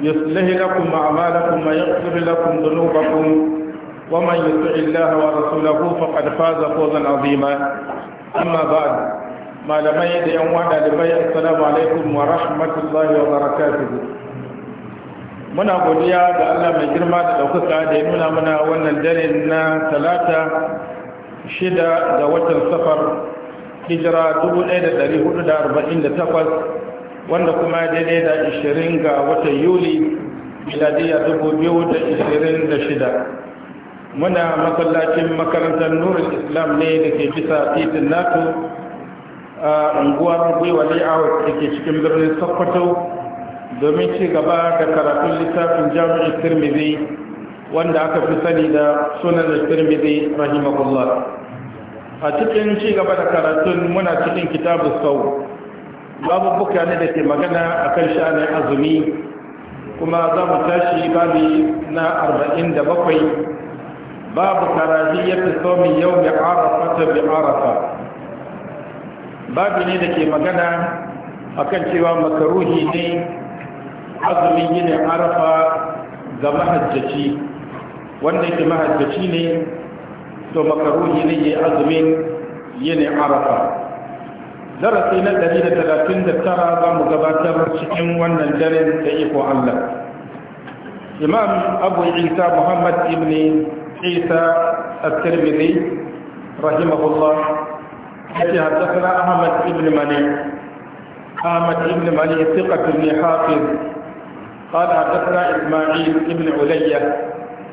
يصلح لكم أعمالكم ويغفر لكم ذنوبكم ومن يطع الله ورسوله فقد فاز فوزا عظيما أما بعد ما لم يد يوانا لبيع السلام عليكم ورحمة الله وبركاته muna godiya ga Allah mai girma da ɗaukaka da ya nuna mana wannan dare na talata shida ga watan safar hijira 1448 wanda kuma daidai da 20 ga watan yuli da shida. muna masallacin makarantar nurul islam ne da ke bisa titin nato a unguwar gwiwa layout da ke cikin birnin sokoto domin ci gaba da karatun littafin jami'in tirmidhi wanda aka fi sani da sunan tirmidhi rahimahullah a cikin ci gaba da karatun muna cikin kitabu sau babu buka ne da ke magana a kan sha'anin azumi kuma za mu tashi babi na arba'in da bakwai babu karazi ya fi somi yau mai arafa ta bi arafa babi ne da ke magana a kan cewa makaruhi ne azumin yinin arafa ga mahajjaci wanda yake mahajjaci ne to makaruhi ne ya azumin yinin arafa darasi na ɗari da talatin da tara za mu gabatar cikin wannan daren da iko Allah imam abu isa muhammad ibn isa at-tirmidhi rahimahullah yace haddathana ahmad ibn mali ahmad ibn mali thiqat ibn hafiz قال حدثنا اسماعيل ابن علية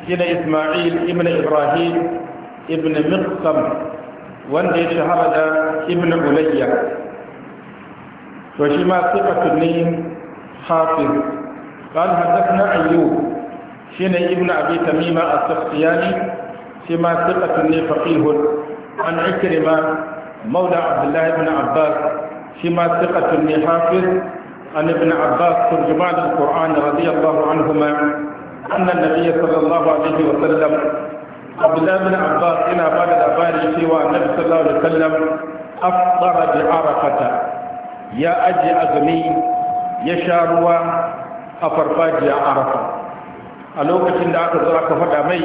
إلى اسماعيل ابن ابراهيم ابن مقسم wanda ya shahara da ibn ulayya to shi ma sifatun ne hafiz قال حدثنا أيوب شين ابن أبي تميمة السختياني شما ثقة فقيه عن عكرمة مولى عبد الله بن عباس شما ثقة حافظ عن ابن عباس ترجمان القرآن رضي الله عنهما أن النبي صلى الله عليه وسلم abdullahi bin abbas yana ba da labari cewa annabi sallallahu alaihi wasallam afdara bi arafata ya aje azumi ya sha ruwa a farfajiyar arafa a lokacin da aka zo aka faɗa mai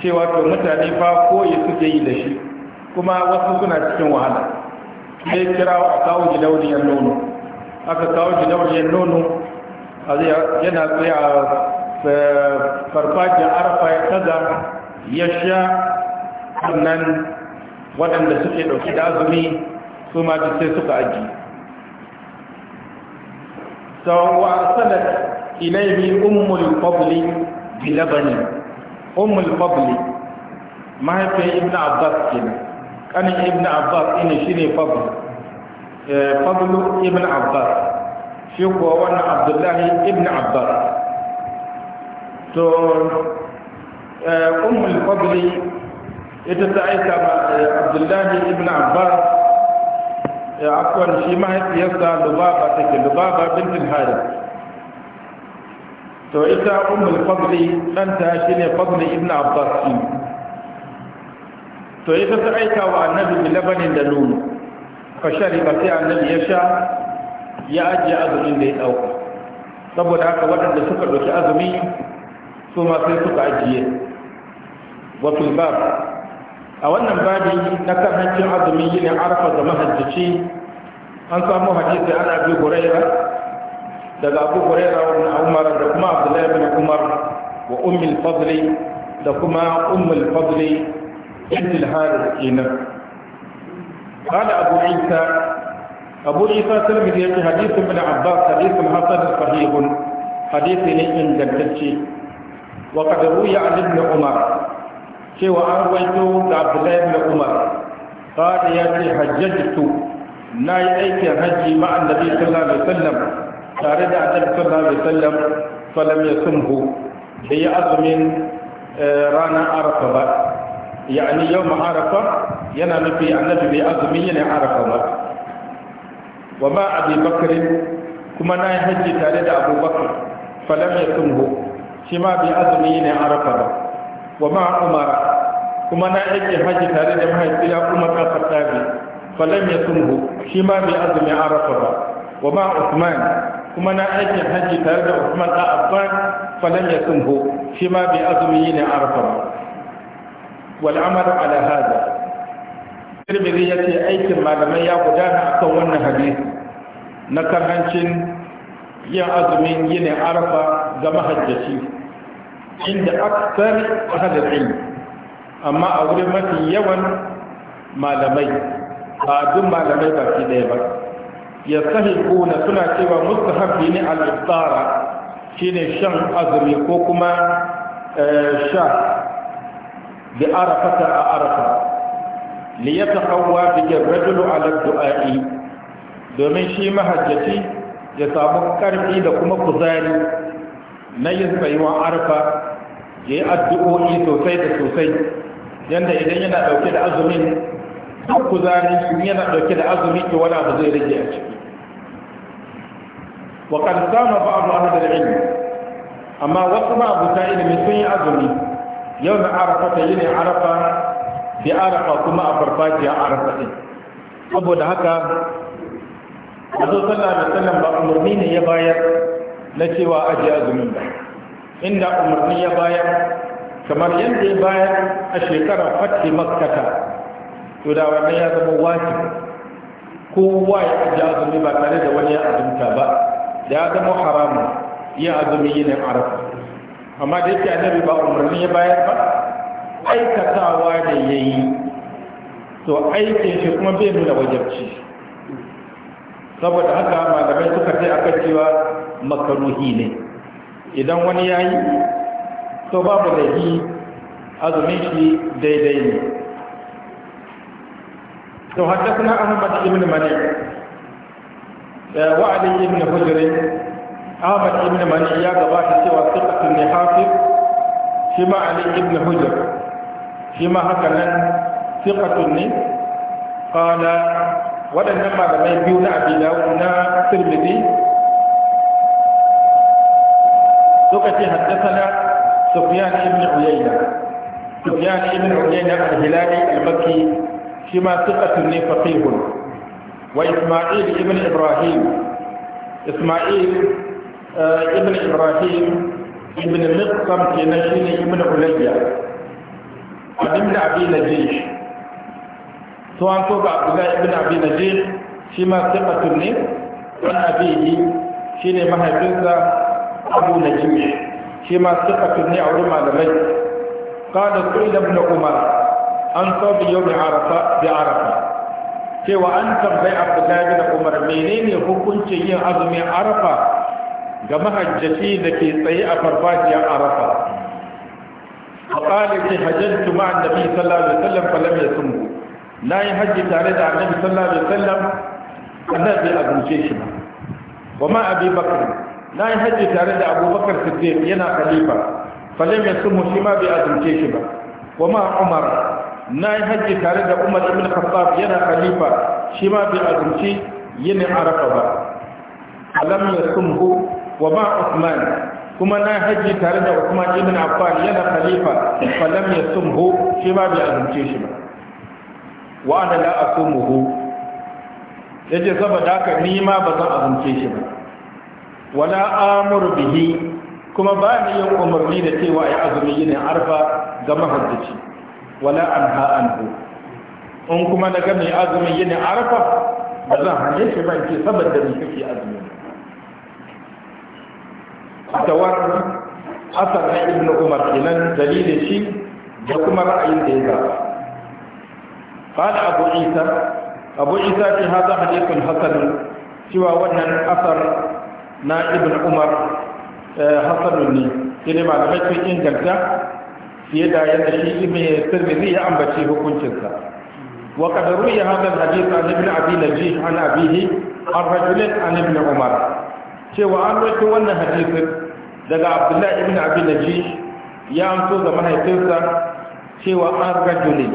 cewa to mutane fa koyi suke yi da shi kuma wasu suna cikin wahala sai kira a kawo gidauniyar nono aka kawo gidauniyar nono yana tsaye a eh, farfajiyar arafa ya kaza ya sha sannan waɗanda suke ɗauki da azumi su ma duk sai suka aji sawa salat ilaihi ummul fadli bi labani ummul fadli mahaifiyar ibn abbas kenan kanin ibn abbas ne shi ne fadl eh, fadl ibn abbas shi kuwa wannan abdullahi ibn abbas to ummul fadli ita ta aika ma abdullahi ibn abbas ya akwai mahaifiyarsa lubaba take lubaba bintin harith to ita ummul fadli ɗanta shine annabi bi labanin da nono fa shariba sai annabi ya ajiye azumin da ya saboda haka waɗanda suka ɗauki azumi su ma sai suka ajiye wa bab a wannan babi na kan hancin azumi yin arfa da mahajjici an samu hadisi ana bi huraira daga abu huraira wa umar da kuma abdullahi bin umar wa ummul fadli da kuma ummul fadli bint al-harith kenan قال أبو عيسى أبو عيسى تلمذي حديث ابن عباس حديث حسن صحيح حديث إن جدتشي وقد روي عن ابن عمر cewa an ruwaito da abdullahi ibn umar qala ya ce hajjajtu na yi aikin hajji ma annabi sallallahu alaihi wasallam tare da annabi sallallahu alaihi wasallam falam yasumhu da ya azumin eh, ranar arafa ba yani yau arafa yana nufi annabi bai azumin yana arafa ba wa ma abi kuma na yi hajji tare da abubakar falam yasumhu shi ma bai azumin yana arafa ba wa ma umara kuma na aiki haji tare da mahaifi ya kuma ta fattabi falam ya sunhu shi ma bai azumi arafa ba wa ma usman kuma na aiki haji tare da usman da abban falam ya sunhu shi ma bai azumi ne arafa ba wal amal ala hada tirmidhi ce aikin malamai ya gudana kan wannan hadisi na karhancin yin azumin yi ne arafa ga mahajjaci inda aksar ahalar ilmi amma a wurin mafi yawan malamai ba duk malamai ba fi ɗaya ba ya kuna suna cewa mustahabi ne al shine shan azumi ko kuma eh, sha bi arafata a arafa li yataqawwa bi ar-rajulu ala du'ai domin shi mahajjaci ya samu karfi da kuma kuzari na yin tsayuwar arfa ya yi addu'o'i sosai da sosai yadda idan yana ɗauke da azumin duk kuzarin shi yana ɗauke da azumi ke wani abu zai rage a ciki wa kan sama ba abu a da ilmi amma wasu ma ta ilimi sun yi azumi yau na arafa ta yi ne arafa fi arafa kuma a farfajiya arafa ɗin saboda haka a zo sallah da sallan ba umarni ne ya bayar na cewa ajiye azumin ba inda umarni ya bayar kamar yadda ya bayar a shekarar fatih makkata to da wannan ya zama wajibi kowa ya ji azumi ba tare da wani ya azumta ba ya zama haramun ya azumi ne arafa amma da yake annabi ba umarni ya bayar ba aikatawa da ya yi to aikin shi kuma bai nuna wajabci saboda haka malamai suka sai akan cewa makaruhi ne idan wani ya yi to babu da yi azumin shi daidai ne to haddasa ahmad ibn mani wa ali ibn hujri ahmad ibn mani ya gabata cewa sikatun ne hafiz shi ma ali ibn hujr shi ma haka nan sikatun ne qala waɗannan malamai biyu na abi na tirmidhi سكتي حدثنا سفيان بن عيينة سفيان بن عيينة الهلالي المكي شما ثقة لي فقيه وإسماعيل بن إبراهيم إسماعيل آه، ابن إبراهيم ابن مقسم في نشين ابن عليا ابن أبي نجيش سواء توقع عبد الله ابن أبي نجيش شما ثقة لي أبيه شيني مهجزة abu na jimi shi ma suka ne a wurin malamai kada su ila ibn umar an so bi yau arafa bi arafa cewa an tambayi abdullahi bin umar menene hukuncin yin azumin arafa ga mahajjaci da ke tsaye a farfajiyar arafa faƙali ce hajjattu da annabi sallallahu alaihi wasallam falam yasum na yi hajji tare da annabi sallallahu alaihi wasallam annabi azumce shi ba wa ma abi bakr na yi hajji tare da abubakar siddiq yana khalifa falim ya sumu shi ma bai azumce shi ba wa ma umar na yi hajji tare da umar ibn khattab yana khalifa shi ma bai azumci yin arafa ba alam ya sumu wa ma usman kuma na yi hajji tare da usman ibn affan yana khalifa falam ya sumu shi ma bai azumce shi ba wa ana la asumuhu yace saboda haka ni ma ba zan azumce shi ba wala amur bihi kuma ba ni yin umarni da cewa ya azumi yin arfa ga mahaddaci wala anha anhu in kuma na ga mai azumin yin arfa ba zan hane shi ba ke saboda mai kake azumi tawar asar na ibnu umar kenan dalilin shi da kuma ra'ayin da ya zaba قال abu isa أبو عيسى في هذا حديث حسن cewa wannan Asar. na ibn umar eh, hasanun ne shi ne malamai inganta fiye da yadda shi ibn tirmidhi ya ambaci hukuncinsa wa qad ruwiya hadha al-hadith an ibn abi najih an abihi an rajulin an ibn umar cewa an rawaito wannan hadisin daga abdullahi ibn abi najih ya amso ga mahaifinsa cewa an rajulin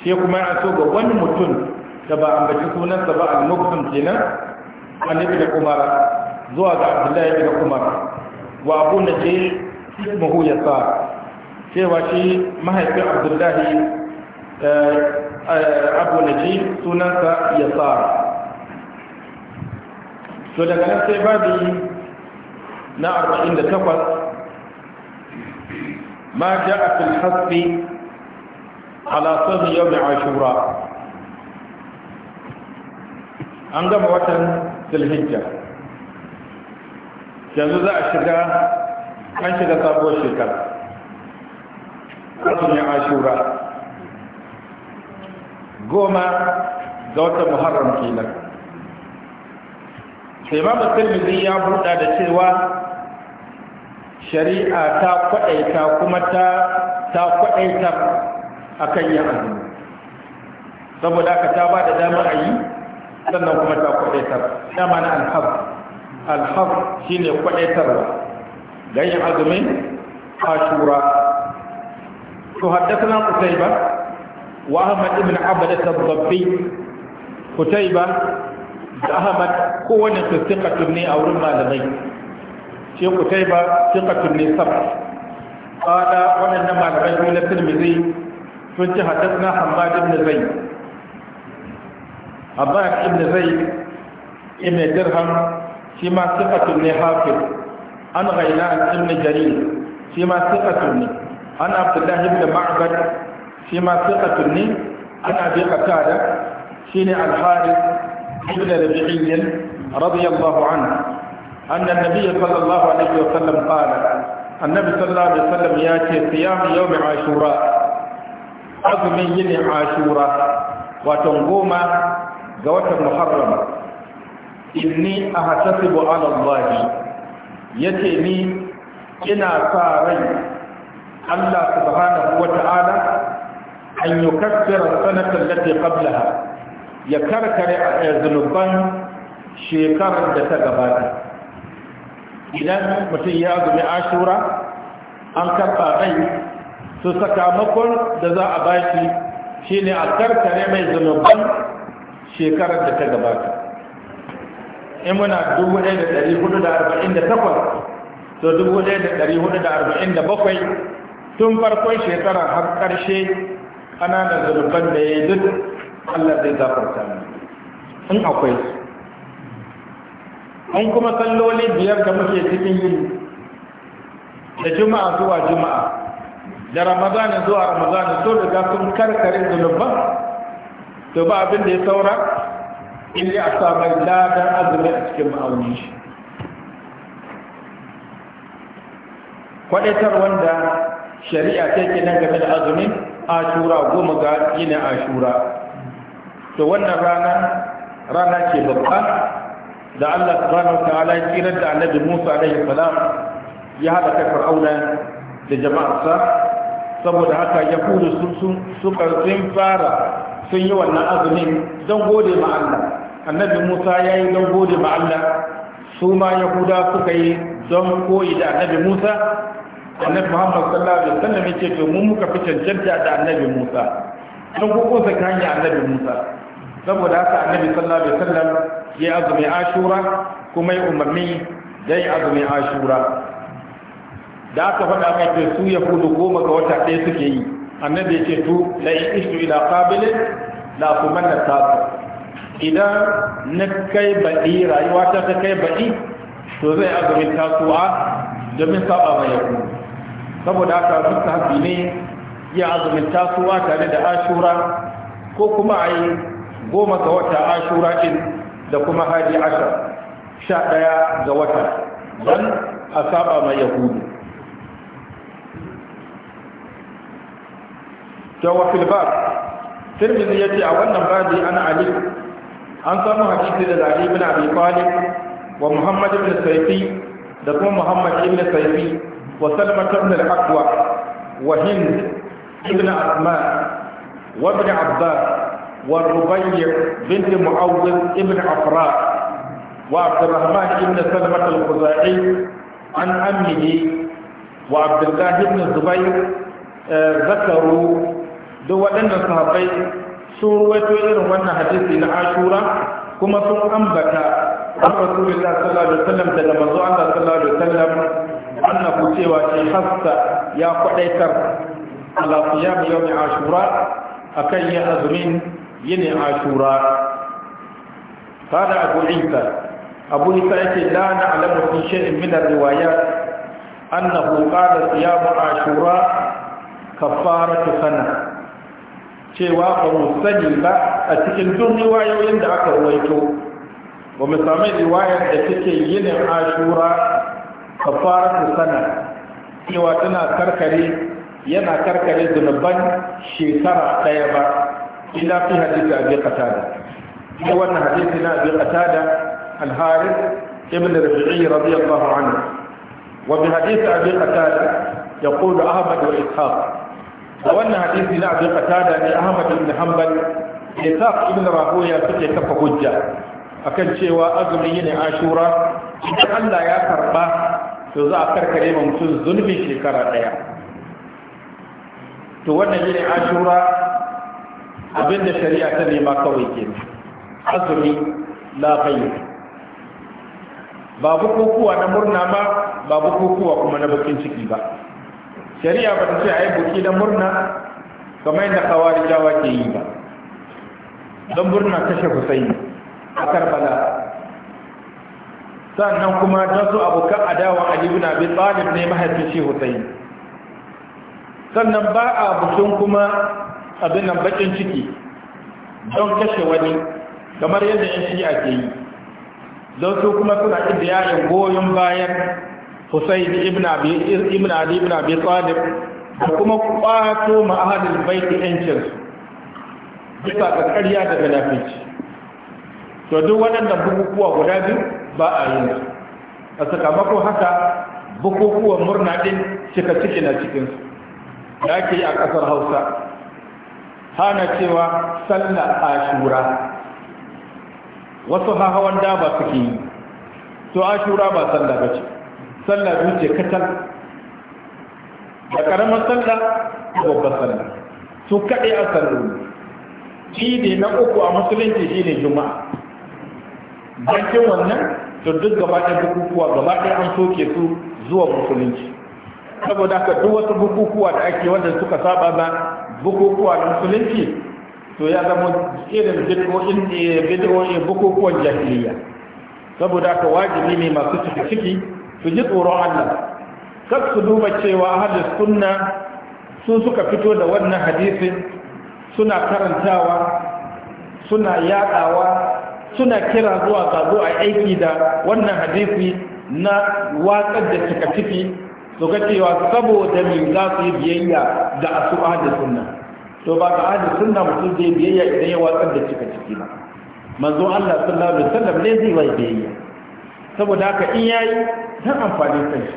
sai kuma ya so ga wani mutum da ba ambaci sunansa ba al-muqsim kenan an ibn umar zuwa ga abdullahi bin umar wa abu na najir ismuhu yasa cewa shi mahaifin abdullahi eh, eh, abu na najir sunansa ya sa? to daga nan sai babi na 48 ما جاء في الحسب على صوم mai عاشوراء an gama watan zulhijja yanzu za a shiga an shiga sabuwar shekara ne ashura goma ga wata muharram kenan sai ma musulmi ya buɗa da cewa shari'a ta kwaɗaita kuma ta ta kwaɗaita a kan yin saboda aka ta ba da dama a yi sannan kuma ta kwaɗaita dama na alhabu alhaf shine kwadaitarwa dan yin azumin ashura to haddathana qutayba wa ahmad ibn da al-dabbi qutayba da ahmad kowanne su thiqatun ne a wurin malamai shi qutayba thiqatun ne sab qala wannan malamai ne na tirmidhi sun ci ce haddathana hammad ibn zayd hammad ibn zayd ibn dirham في ما ثقة ابن حافظ عن غيلان ابن جرير في ما ثقة عن عبد الله بن معبد في ما ثقة عن أبي قتادة سيني الحارث ابن ربيعي رضي الله عنه أن النبي صلى الله عليه وسلم قال النبي صلى الله عليه وسلم ياتي صيام يوم عاشوراء عظمي يني عاشوراء وتنقوم زوجة محرمة inni a hatasibu alallahi ya ce ni ina sa rai Allah subhanahu wa ta'ala an yi sanatar da qablaha ya karkare a zunuban shekarar da ta gabata idan mutum ya zumi ashura an karɓa rai su sakamakon da za a bashi ne a karkare mai zunuban shekarar da ta gabata in muna 1448 to 1447 tun farkon shekara har ƙarshe ƙananan zurban da ya yi duk Allah zai zafarta in akwai an kuma salloli biyar da muke cikin yi da juma'a zuwa juma'a da ramadana zuwa ramadana to da sun karkarin zunubban to ba abin da ya saura in dai a samar ladan azumi a cikin ma'auni shi kwadatar wanda shari'a ta ke nan game da azumin ashura goma ga yinin ashura to wannan rana rana ce babba da Allah subhanahu wa ta'ala ya kira da annabi Musa alaihi salam ya hada ta Fir'auna da jama'arsa saboda haka ya kudu sun suka sun fara sun yi wannan azumin don gode ma Allah annabi Musa ya yi don gode ma Allah su ma Yahuda suka yi don koyi da annabi Musa annabi Muhammad sallallahu alaihi wasallam yake to mun muka fi cancanta da annabi Musa don koko kan hanya annabi Musa saboda haka annabi sallallahu alaihi wasallam ya azumi Ashura kuma ya umarni dai azumi Ashura da aka faɗa mai su Yahudu goma ga wata ɗaya suke yi annabi ya ce tu la ishtu ila qabilin la kumanna tasu idan na kai baɗi rayuwa ta ta kai baɗi to zai azumin tasuwa domin saba mai yaku saboda haka duk hafi ne ya azumin tasuwa tare da ashura ko kuma a yi goma ga wata ashura ɗin da kuma hadi ashar sha ɗaya ga wata don a saba mai yahudu da wa fil bab tirmidhi yace a wannan babi ana ali an samu hadisi da ali ibn abi talib wa muhammad ibn sayfi da kuma muhammad ibn sayfi wa salma ibn al-aqwa wa hind ibn asma wa ibn abbas wa rubayy bint muawwid ibn afra وعبد الرحمن بن سلمة الخزاعي عن أمه وعبد الله بن الزبير ذكروا duk waɗanda sahabbai sun ruwaito irin wannan hadisi na ashura kuma sun ambata an rasulullah sallallahu alaihi wasallam daga manzo Allah sallallahu alaihi wasallam annahu cewa shi hasta ya kwadaitar ala siyam yawmi ashura akan ya azumin yini ashura kada abu isa abu isa yake la na'lamu fi shay'in min ar-riwayat annahu qala siyam ashura kafaratu sana cewa ba mu sani ba a cikin duk riwayoyin da aka ruwaito ba mu sami riwayar da take yinin ashura kafaratu sana cewa tana karkare yana karkare zunuban shekara ɗaya ba ila fi hadisi abi qatada ne wannan hadisi na abi qatada al-harith ibn rabi'i radiyallahu anhu wa bi hadisi abi qatada yaqulu ahmad wa ishaq da wannan hadisi na abin qatada ne ahmad ibn hanbal isaq ibn ya suke kafa hujja akan cewa azumi ne ashura idan Allah ya karba to za a karkare ma mutum zulmi shekara daya to wannan ne ashura abinda shari'a ta nema kawai ke azumi la ghayr ba bukukuwa na murna ba ba bukukuwa kuma na bakin ciki ba shari'a ba ta ce a yi buki na murna kamar yadda kawai jawa ke yi ba don murna kashe husaini a karbala sannan kuma don su abokan adawa ali na bi tsalib ne mahaifin shi sannan ba a bukin kuma abin nan bakin ciki don kashe wani kamar yadda yan shi'a ke yi don su kuma suna inda yayin goyon bayan Hussein ibn Abi ibn Ali ibn Abi Talib kuma kwato ma ahlul bait yancin bisa ga ƙarya da galafici to duk waɗannan bukukuwa guda biyu ba a yi su a sakamakon haka bukukuwan murna din cika ciki na cikin su da ake a ƙasar Hausa hana cewa salla ashura wasu da ba suke yi to ashura ba sallah bace sallah biyu ce katal da karamar sallah da babbar sallah su kaɗai a salloli shi ne na uku a musulunci shi ne juma'a bakin wannan to duk gaba ɗaya bukukuwa gaba ɗaya an soke su zuwa musulunci saboda haka duk wasu bukukuwa da ake wanda suka saba ba bukukuwa na musulunci to ya zama irin bid'o'in eh, bid'o'in bukukuwan jahiliya saboda haka wajibi ne masu ciki ciki su ji tsoron Allah kar su duba cewa ahlus sunna su suka fito da wannan hadisin suna karantawa suna yadawa suna kira zuwa ga zuwa aiki da wannan hadisi na watsar da cika ciki su ga cewa saboda me za su yi biyayya da asu ahlus sunna to ba ga ahlus sunna mutum zai biyayya idan ya watsar da cika ciki ba manzo Allah sallallahu alaihi wasallam ne zai yi biyayya saboda haka in yayi ta amfani kanshi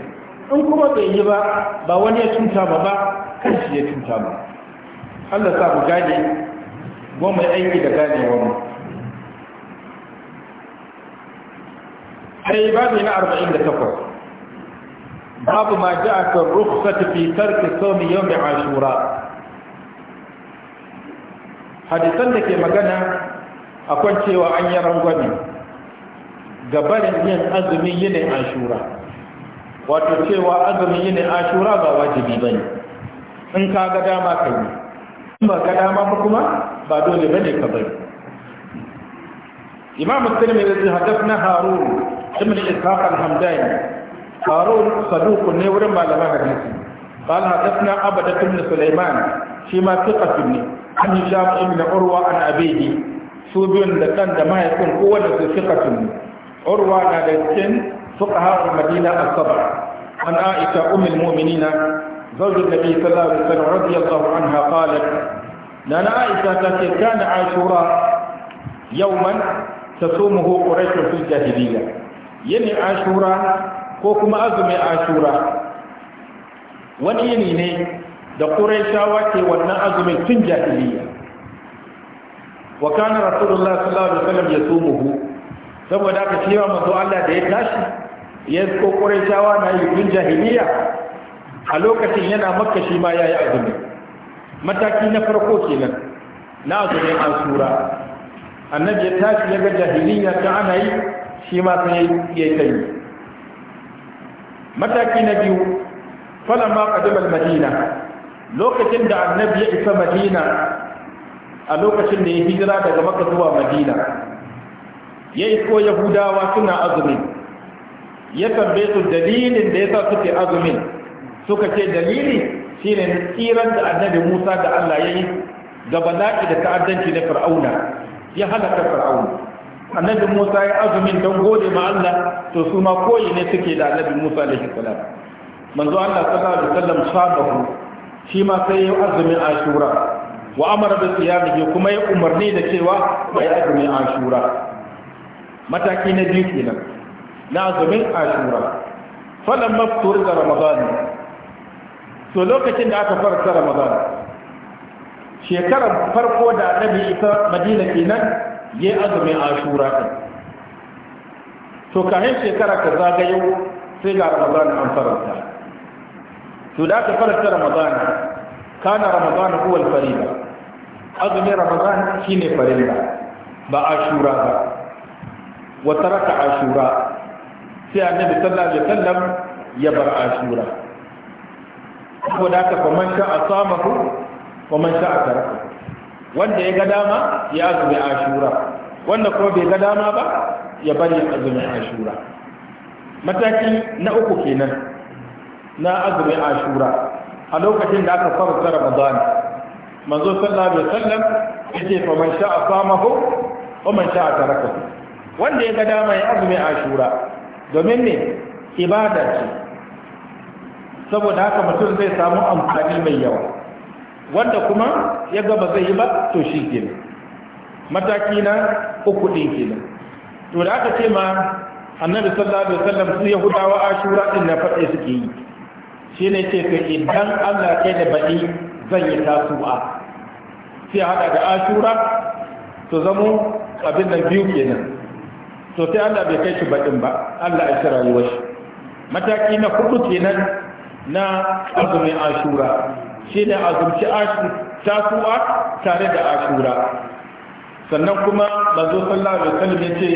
in kuma bai yi ba ba wani ya cuta ba ba kanshi ya cuta ba Allah sa mu gane mu mai aiki da ganewar mu sai babu na 48 babu ma ja'a kan rukhsat fi tarki sawmi yawm ashura hadisan da ke magana akwai cewa an yi rangwame barin yin azumin yinin ashura wato cewa azumin yinin ashura ba wajibi ba ne in ka ga dama ka yi in ba ga dama ba kuma ba dole ba ne ka bari imam musulun mai zai haddaf na harun ibn ishaq al-hamdani harun saduku ne wurin malaman hadisi قال حدثنا عبدة بن سليمان فيما ثقة ne عن هشام بن عروة عن أبيه su biyun da kan da mahaifin kowane su fiƙatun ne urwa na da cikin fuqaha al-madina as-sab'a an aisha ummul mu'minina zawjin nabi sallallahu alaihi wasallam radiyallahu anha qalat nana aisha tace kana ashura yawman tasumuhu quraish fil jahiliyya yani ashura ko kuma azumi ashura wani yini ne da quraishawa ke wannan azumin tun jahiliyya wa kana rasulullah sallallahu alaihi wasallam yasumuhu saboda aka cewa manzo Allah da ya tashi ya ko Qurayshawa na yukin jahiliya a lokacin yana maka shi ma ya yi azumi mataki na farko kenan na azumin asura annabi ya tashi ya ga jahiliya ta ana yi shi ma sai ya kai mataki na biyu falamma qadima al-madina lokacin da annabi ya isa madina a lokacin da ya hijira daga makka zuwa madina ya isko yahudawa suna azumi ya tambaye su dalilin da ya sa suke azumin suka ce dalili shine tsirar da annabi musa da allah ya yi ga bala'i da ta'addanci na fir'auna ya halaka fir'auna annabi musa ya azumin don gode ma allah to su ma koyi ne suke da annabi musa da salam manzo allah sallallahu alaihi wasallam sabahu shi ma sai ya azumin ashura wa amara bi siyamihi kuma ya umarni da cewa ya azumin ashura mataki na biyu kenan na azumin ashura falan maftur da ramadan so lokacin da aka farka ramadan shekarar farko da annabi isa madina kenan yayi azumin ashura din to kahin shekara ka zagayo sai ga ramadan an faranta to da aka faranta ramadan kana ramadan huwa al-farida azumin ramadan shine farilla ba ashura ba wa taraka ashura sai annabi sallallahu alaihi wasallam ya bar ashura saboda haka fa man sha'a samahu wa man sha'a taraka wanda ya ga dama ya azumi ashura wanda kuma bai ga dama ba ya bari azumin ashura mataki na uku kenan na azumin ashura a lokacin da aka fara farka ramadan manzo sallallahu alaihi wasallam yace fa man sha'a samahu wa man sha'a tarakahu wanda ya ga dama ya azumi ashura domin ne ibada ce saboda haka mutum zai samu amfani mai yawa wanda kuma ya gaba zai yi ba to shi kenan mataki na uku ɗin kenan to da aka ce ma annabi sallallahu alaihi wasallam su yahudawa ashura din na faɗe suke yi shi ne ce ka idan Allah kai da baɗi zan yi tasu'a sai hada da ashura to zamo abin da biyu kenan to sai Allah bai kai shi baɗin ba Allah ya tsara rayuwar shi mataki na hudu kenan na azumin ashura shi ne azumci tasuwa tare da ashura sannan kuma manzo sallallahu alaihi wasallam yace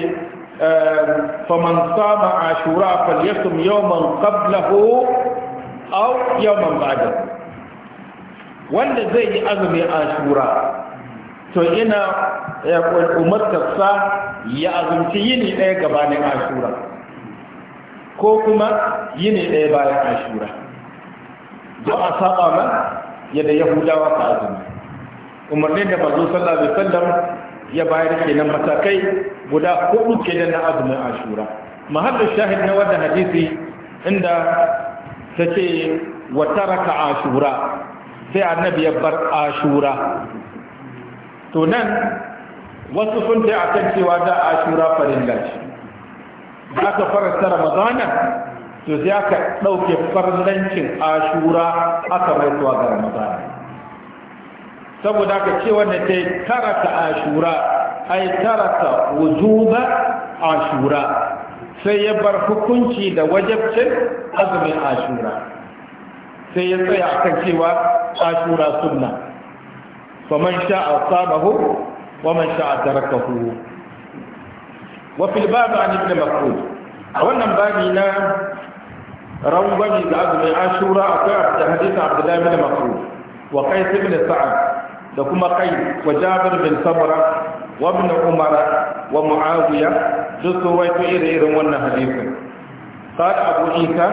ehm, faman sama ashura falyasum yawman qablahu aw yawman ba'da wanda zai yi azumin ashura to ina ya umartarsa ya azunci yini ɗaya gabanin ashura ko kuma yini ɗaya bayan ashura don a saba nan yadda yahudawa ta azumi umarnin da mazo sallallahu alaihi ya bayar kenan matakai guda hudu kenan na azumin ashura mahallin shahid na wannan hadisi inda ta ce wa taraka ashura sai annabi ya bar ashura to nan wasu sun ce a kan cewa da ashura farin ce da aka faranta ramadana to za ka ɗauke farlancin ashura aka mai ga ramadana saboda ka ce wanda ta yi karata ashura ai karata wujuba ashura sai ya bar hukunci da wajabcin azumin ashura sai ya tsaya kan cewa ashura sunna faman a samahu ومن شاء تركه وفي الباب عن ابن مسعود وانا مباني نا روضني لعظم عاشورة أكاد حديث عبد الله بن مسعود وقيس بن سعد لكم قيس وجابر بن سمرة وابن عمر ومعاوية جسويت إرير ون حديث قال أبو عيسى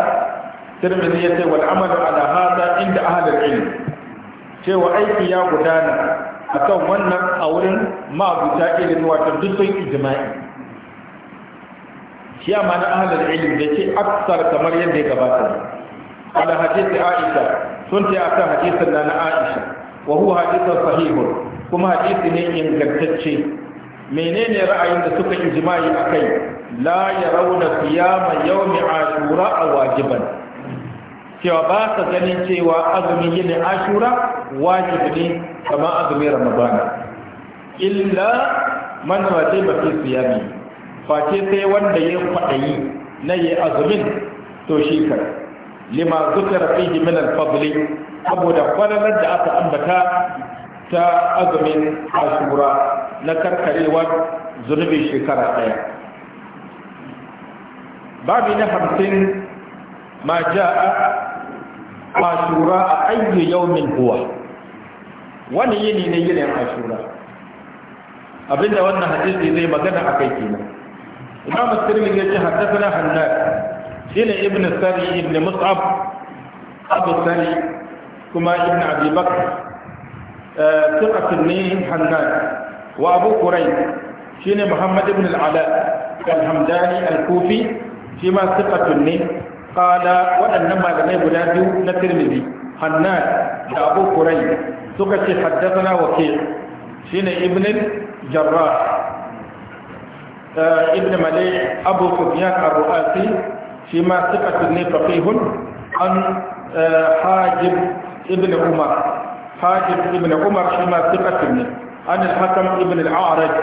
ترمذية والعمل على هذا عند أهل العلم شو وأيك يا غدانا akan wannan a wurin ma'abuta ilimin wato duk sun ijma'i shi amma na ahalar ilim da ke aksar kamar yadda ya gabata ala hadisi aisha sun ce akan hadisin na na aisha wa huwa hadisin sahihun kuma hadisi ne ingantacce menene ra'ayin da suka a kai? la yarawna qiyama yawmi ashura wajiban cewa ba sa ganin cewa azumin yinin ashura wajibi ne kama azumin ramadana illa man ba ba fi siyami face sai wanda ya faɗayi na yi azumin to shi kar lima zukar fihi min saboda kwalalar da aka ambata ta azumin ashura na karkarewar zunubin shekara ɗaya babi na hamsin ma ja'a ashura a ayyu yawmin huwa wani yini ne yinin ashura abinda wannan hadisi zai magana a akai kenan imam at-tirmidhi ya ce haddathana hannad shine ibn sari ibn mus'ab abu sari kuma ibn abi bakr eh, thiqatun ne hannad wa abu qurayb shine muhammad ibn al-ala al-hamdani al-kufi shi ma thiqatun qala waɗannan malamai guda biyu na tirmidhi hannan da abu kurai suka ce haddathana wakil shine ibn jarrah eh, ibn malik abu sufyan ar-ru'asi shi ma thiqatun ne faqihun an eh, hajib ibn umar hajib ibn umar shi ma thiqatun ne an al-hakam ibn al-a'raj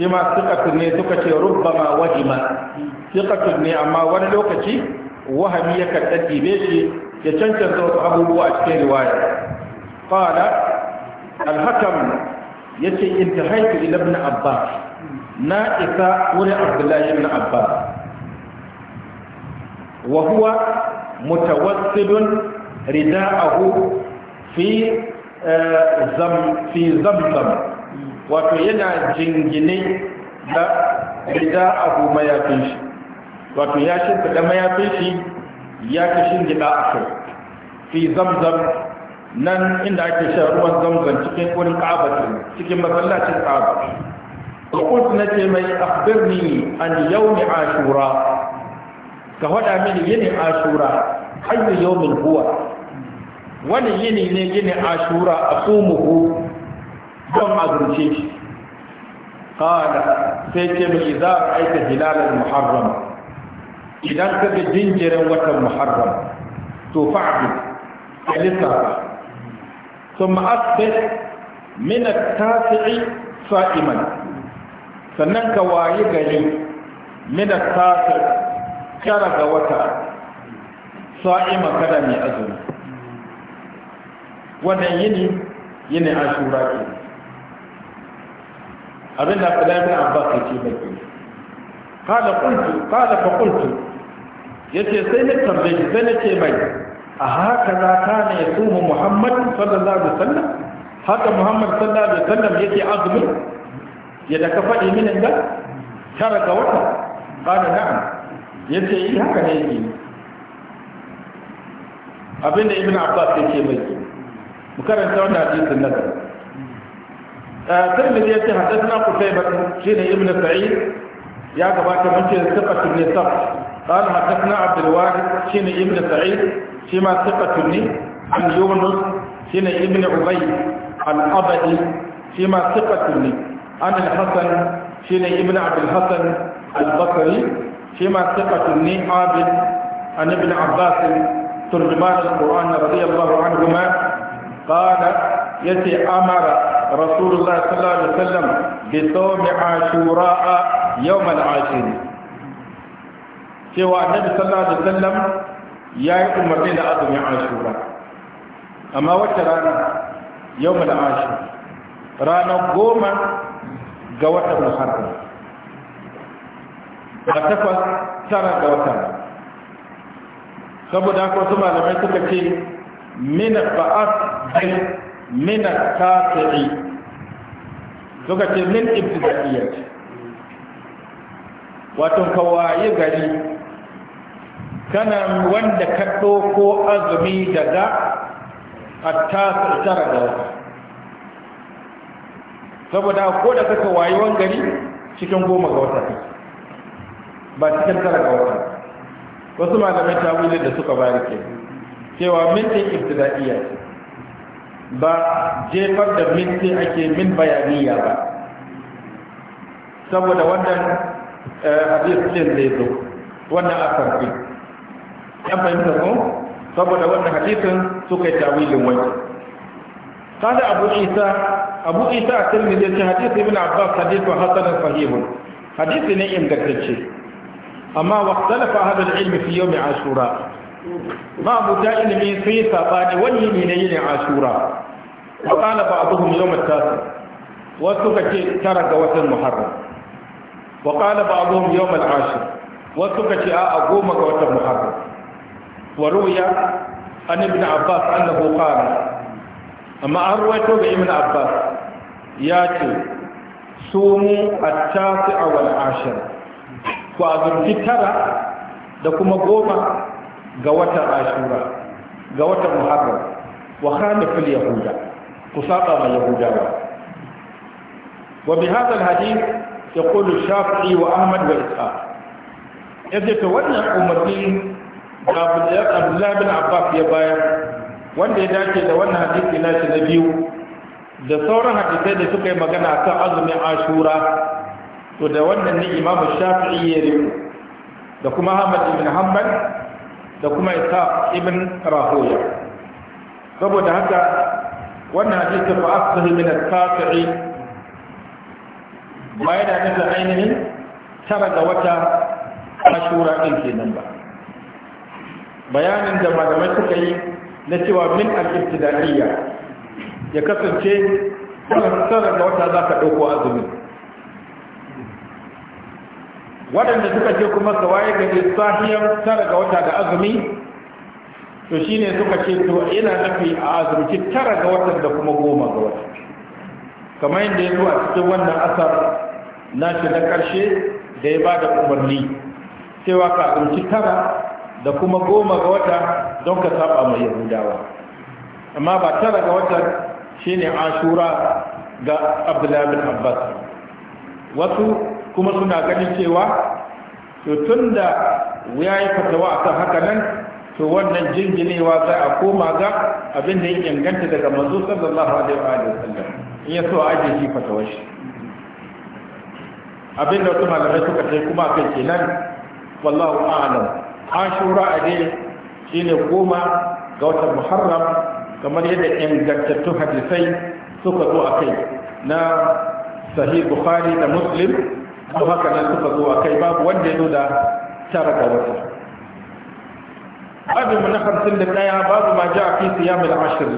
shi ma thiqatun ne suka ce rubbama wajima thiqatun ne amma wani lokaci wahami ya karɓa ɗibe shi ya cancanta wasu abubuwa a cikin riwaya fara alhakam ya ce in ta haifu ilabin na isa wurin abdullahi ibn abbas wa huwa mutawassidun rida'ahu fi eh, fi zamzam wato yana jingine da ahu mayafin shi wato ya shimfiɗa mayafin shi ya ta shingida a kai fi zamzam nan inda ake shan ruwan zamzam cikin wurin ƙabatin cikin masallacin ƙaba ƙwaƙus na ce mai akhbirni an yau ni ashura ka faɗa mini yini ashura ayyu yau min huwa wani yini ne yini ashura a su sumuhu don azurce shi sai ce قال سيتم إذا رأيت هلال المحرم idan ka bi jinjirin watan muharram to fa'adu ka lissafa ثم أصبح من التاسع صائما sannan ka wayi gari mina tasir tara ga wata sa'ima kada mai azumi wannan yini yini ashura ke abin da abdullahi bin abbas ya ce baki qala qultu qala fa qultu yace sai na tambaye shi sai na ce mai a haka za ka ne ya sumu muhammad sallallahu alaihi wasallam haka muhammad sallallahu alaihi wasallam yake azumi ya da ka faɗi min da tara ga wata ƙara na'am yace yi eh, haka ne yake abinda ibnu abbas yake mai mu karanta wannan hadisin nan ترمذي حدثنا قتيبة ne ابن سعيد يا جماعة من ثقة بن ثقة قال حدثنا عبد الواحد شين ابن سعيد شما ثقة عن يونس شين ابن عبيد عن ابي شما ثقة عن الحسن شين ابن عبد الحسن البصري شما ثقة عابد عن ابن عباس ترجمان القرآن رضي الله عنهما قال يتي أمر رسول الله صلى الله عليه وسلم بصوم عاشوراء yawmal ashir cewa annabi sallallahu alaihi wasallam yayi umarni da azumin ashura amma wacce rana yawmal ashir ranar goma ga watan muharram a takwas tara ga watan saboda haka wasu malamai suka ce min ba'as bil min tafi'i suka ce min ibtida'iyya wato kawaye gari kana wanda ka ɗauko azumi daga attasar tara da wata saboda ko da kaka wani gari cikin goma ga wata ba cikin tara ga wata wasu malamai ta tawilin da suka bari ke cewa mintin ibtidaiya ba jefar da minti ake min bayaniya ba saboda wannan Eh, hadis din zai zo wannan asar din an fahimta ko saboda wannan hadisin suka yi tawilin wani kada abu isa abu isa a tilmi zai ce hadisi ibn abbas hadisin hasanin sahihun hadisi ne ingantacce amma waqtalafa ahlul ilmi fi yawmi ashura ma buta ilimi sun yi saɓani, wani ne ne yin ashura wa qala ba'dhum yawm at-tasi wasu kace tara ga watan muharram Waƙala qala ba'dhum yawm al-ashir wa ce a goma ga watan muharram wa ruya an ibn abbas annahu qala amma an ruwaito ga ibn abbas ya ce mu a tasia wal ashir ku abinci tara da kuma goma ga watan ashura ga watan muharram wa khalifil yahuda ku saba ma yahudawa wa bi hadha hadith shafi Ahmad Ya يقول الشافعي ya وإسحاق إذا تولى أمتي عبد Abdullahi bin عباس يا باير wanda ya dace da wannan hadisi na shi na biyu da sauran hadisai da suka yi magana a kan azumin ashura to da wannan ne imam shafi ya riku da kuma ahmad ibn hanbal da kuma isa ibn rahoya saboda haka wannan hadisi fa asahi min al-shafi'i ba yana nufin ainihin tara ga wata ashura ɗin kenan ba bayanin da malamai suka yi na cewa min al-ibtidaiya ya kasance tara ga wata za ka ɗauko azumi waɗanda suka ce kuma tsawaye gari sahiyar tara ga wata da azumi to shine suka ce to yana nufi a azumci tara ga watan da kuma goma ga wata kamar yadda ya zo a cikin wannan asar ce na ƙarshe da ya ba da umarni cewa ka ɗauki tara da kuma goma ga wata don ka saba mai yahudawa amma ba tara ga wata shi ne ashura ga abdullahi abbas wasu kuma suna ganin cewa to tun da ya yi fatawa a kan haka nan to wannan jinginewa za a koma ga abin da ya inganta daga manzo sallallahu alaihi wa sallam in ya so a ajiye shi fatawar shi abinda wasu malamai suka sai kuma kai kenan wallahu a'lam ashura a dai shine goma ga watan muharram kamar yadda ingantattun hadisai suka zo a kai na sahih bukhari da muslim to haka nan suka zo a kai babu wanda ya zo da tara ga wata babin mu na hamsin da ɗaya babu ma ja a fi siyamil ashir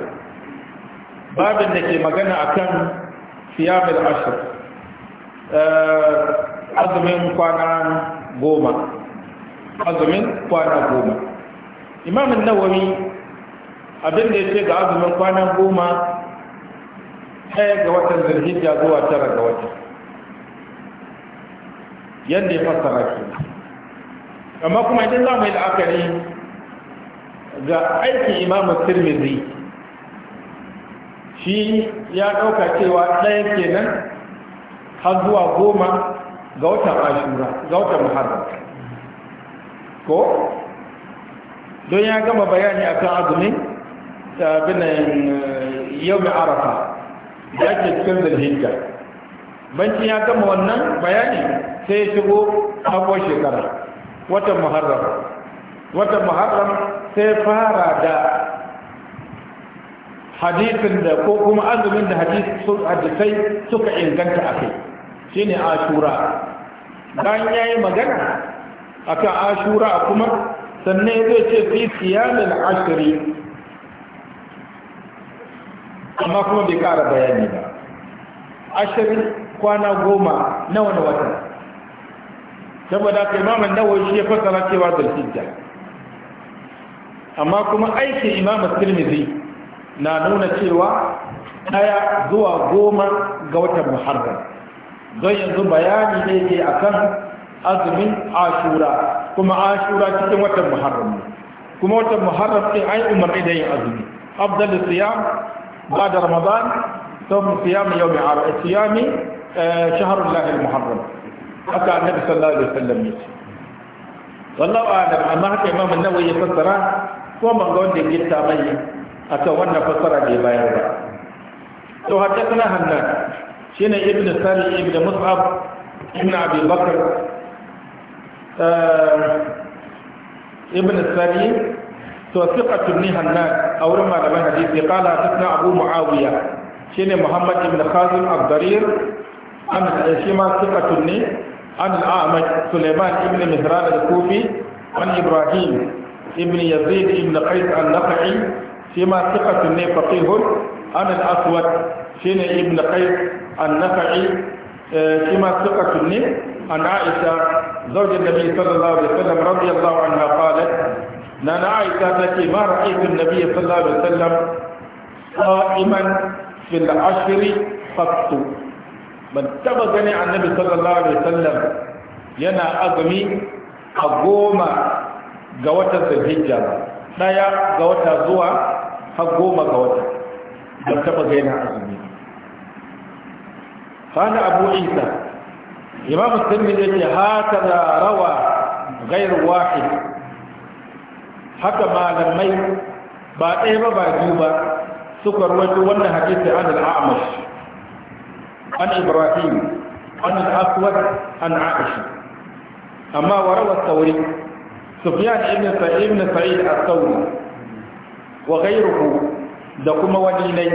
babin da ke magana akan siyamil ashir Eh, azumin kwana goma azumin kwana goma imamin nawawi abin da ya ce ga azumin kwana goma ɗaya ga watan zirhijja zuwa tara ga watan yadda ya fassara ke amma kuma idan za mu yi la'akari ga aikin imamu tirmidhi shi ya ɗauka cewa ɗaya kenan har zuwa goma ga watan ashura ga watan muharram ko don ya gama bayani a kan azumin sabinan eh, yau mai arafa da ake cikin zalhijja banci ya gama wannan bayani sai ya shigo abuwa shekara watan muharram watan muharram sai fara da hadisin da ko kuma azumin da hadisai suka inganta a kai ne ashura bayan yi magana akan ashura kuma sannan zai ce fi siyamin ashiri amma kuma bai kara bayani ba ashirin kwana goma na wani wata saboda ka imamun nawa shi ya fasara cewa zulhijja amma kuma aikin imamun tirmidhi na nuna cewa daya zuwa goma ga watan muharram don yanzu bayani ne ke kan azumin ashura kuma ashura cikin watan muharram kuma watan muharram sai yi umarni da yin azumi afdalu siyam ba'da ramadan ثم صيام يوم عرفه صيام شهر الله Muharram. haka annabi sallallahu alaihi wasallam ya ce wallahu alam amma haka imam an-nawawi ya fassara ko ban ga wanda ya gitta mai akan wannan fassara da ya bayar ba to haddathana hannan شينا ابن سالي ابن مصعب ابن أبي بكر آه، ابن سالي توثقة منها هنان أو رمى لما حديثي قال حدثنا أبو معاوية شينا محمد ابن خازم الضرير عن الشيما ثقة مني عن الأعمج سليمان ابن مهران الكوفي عن إبراهيم ابن يزيد ابن قيس النقعي فيما ثقة مني فقيه عن الأسود shine ibn قيس النفعي nafi kima sukatu ni an زوج النبي صلى الله عليه وسلم رضي الله عنها قالت نانا عائشة التي ما رأيت النبي صلى الله عليه وسلم قائما في العشر قط من تبغني عن النبي صلى الله عليه وسلم ينا أغمي حقوما قوتا في الهجرة نايا قوتا زوا حقوما قوتا ban taɓa gaina azumi kana abu isa imamu tirmidhi yake haka da rawa gair wahid haka malamai ba ɗaya ba ba biyu ba suka rawaito wannan hadisi an al-a'mash an ibrahim an al-aswad an aisha amma wa rawa thawri sufyan ibn sa'id ibn sa'id al-thawri wa ghayruhu da kuma wani ne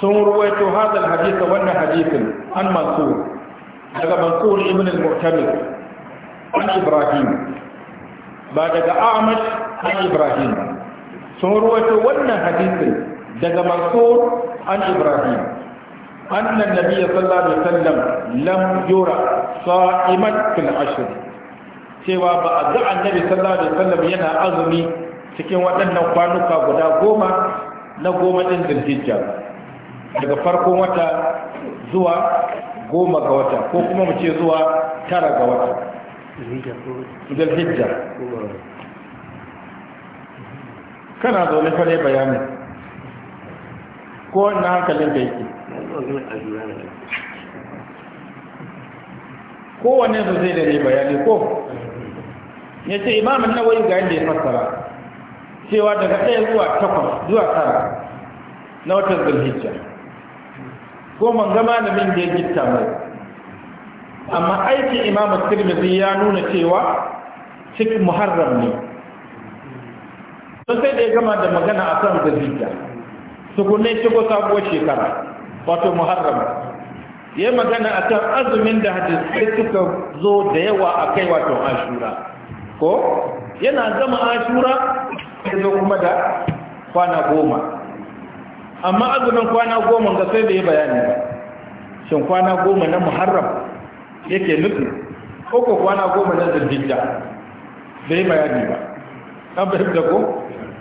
sun ruwaito hadal hadisa wannan hadisin an mansur daga mansur ibn al-mu'tamir an ibrahim ba daga ahmad an ibrahim sun ruwaito wannan hadisin daga mansur an ibrahim أن النبي صلى الله عليه وسلم لم يرى صائما في cewa ba a ga annabi sallallahu alaihi wasallam yana azumi cikin waɗannan kwanuka guda goma na goma ɗin zirjijja daga farkon wata zuwa goma ga wata ko kuma mu ce zuwa tara ga wata zirjijja kana zaune fare bayani ko na hankalin da yake kowane su zai da ne bayani ko ya ce imamin nawayi ga yadda ya fassara cewa daga ɗaya zuwa takwas zuwa tara na watan zulhijja ko man da min da ya gitta mai amma aikin imamu tirmidhi ya nuna cewa cikin muharram ne Sosai da ya gama da magana a kan zulhijja tukunai cikin sabuwar shekara wato muharram ya magana a kan azumin da hadisai suka zo da yawa a kai wato ashura ko yana gama ashura ya zo kuma da kwana goma amma azumin kwana goma ga sai da ya bayani ba shin kwana goma na muharram yake nufi ko ko kwana goma na zulhijja da ya bayani ba an da ko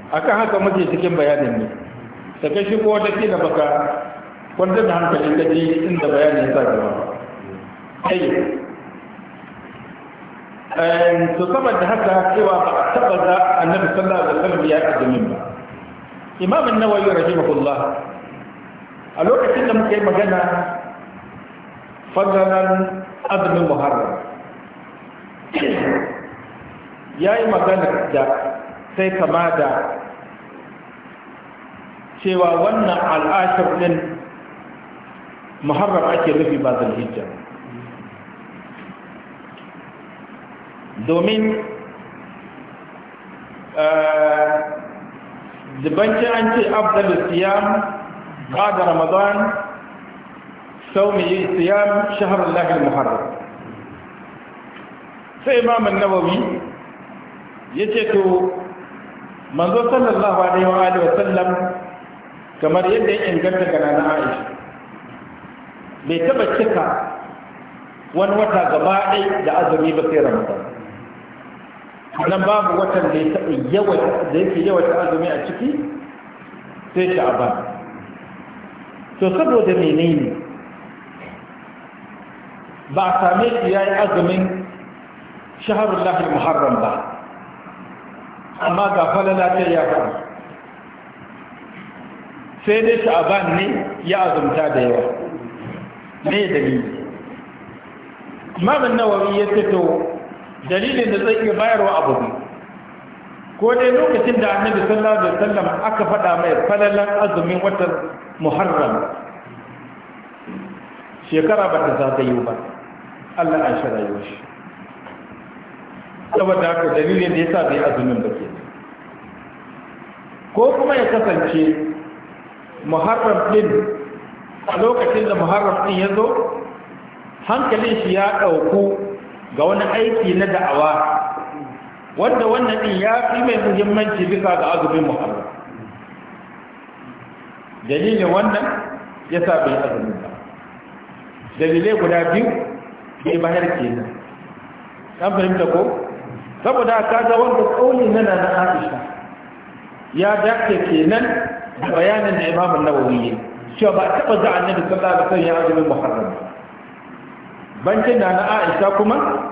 kan haka muke cikin bayanin ne da kai shi ko wata kila baka kwantar da hankalin ji inda bayanin sa gaba ba Ehm, to da haka cewa ba a taba za annabi sallallahu da wasallam ya azumin ba imamin an-nawawi rahimahullah a lokacin da muka yi magana fadalan azumin muharram ya yi magana da sai kama da cewa wannan al'ashar din muharram ake rufe ba zulhijja domin eh, zubanci an ce abdul siyam ba da ramadan sau mai siyam shahararun lahir muharram sai imamun nawawi ya ce to manzo sallallahu alaihi wa alihi wasallam kamar yadda ya inganta gana na Aisha bai taba cika wani wata gaba ɗai da azumi ba sai Ramadan nan babu watan da ya taɓa yawan da yake yawan azumi a ciki sai aba to saboda menene ba a same shi ya yi azumin shaharun muharram ba amma ga falala ta ya faru sai dai sha'aban ne ya azumta da yawa ne dalili imamin nawawi ya ce to dalilin da zai iya bayarwa abu ne ko dai lokacin da annabi sallallahu alaihi wasallam aka faɗa mai falalan azumin watan muharram shekara ba ta yi ba Allah an shirayo shi saboda haka dalilin da yasa bai azumin ba ke ko kuma ya kasance muharram din a lokacin da muharram din ya zo hankalin shi ya ɗauku ga wani aiki na da'awa wanda wannan din ya fi mai muhimmanci bisa ga azumin muharram dalilin wannan ya sa bai azumin ba dalilai guda biyu bai bayar kenan an fahimta ko saboda a kaza wanda kauli na na Aisha ya dace kenan da bayanin da Imam an-Nawawi ya cewa ba a taɓa za a nabi sallallahu alaihi wasallam ya azumin Ban bancin da na Aisha kuma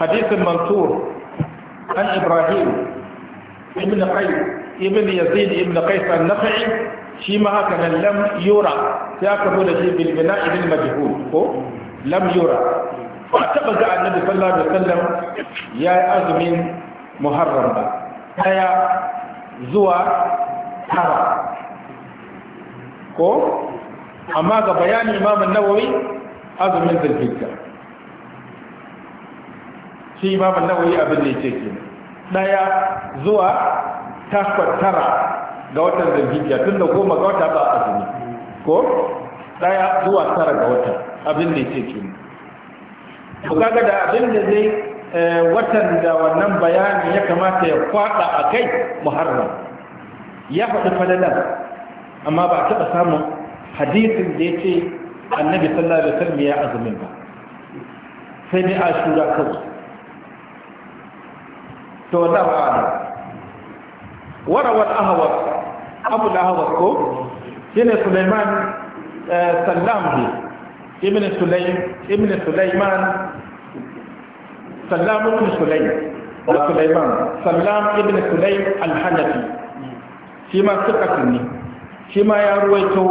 حديث منصور عن إبراهيم ابن قيس ابن يزيد ابن قيس النخعي شيما هكذا لم يرى سيأكبر شيء بالبناء بالمجهول لم يرى فتبقى النبي صلى الله عليه وسلم يا أزمن محرم هيا زوا ترى ko amma ga bayanin imam an-nawawi azumin zulhijja shi imamun nawawi abin da yake ke daya zuwa takwas tara ga watan da bibiya tun da goma ga wata ba azumi ko daya zuwa tara ga wata abin da yake ke to kaga da abin da zai eh, watan da wannan bayani ya kamata ya kwada a kai muharram ya faɗi fadalar amma ba a taɓa samun hadisin da ya ce annabi sallallahu alaihi wasallam ya azumin ba sai dai shura kawai to wannan ba a warawar ahawar abu da ahawar ko shi ne suleiman eh, sallam ne ibn suleiman sallam ibn suleiman suleiman sallam ibn suleiman alhanafi shi ma suka sunni shi ma ya ruwaito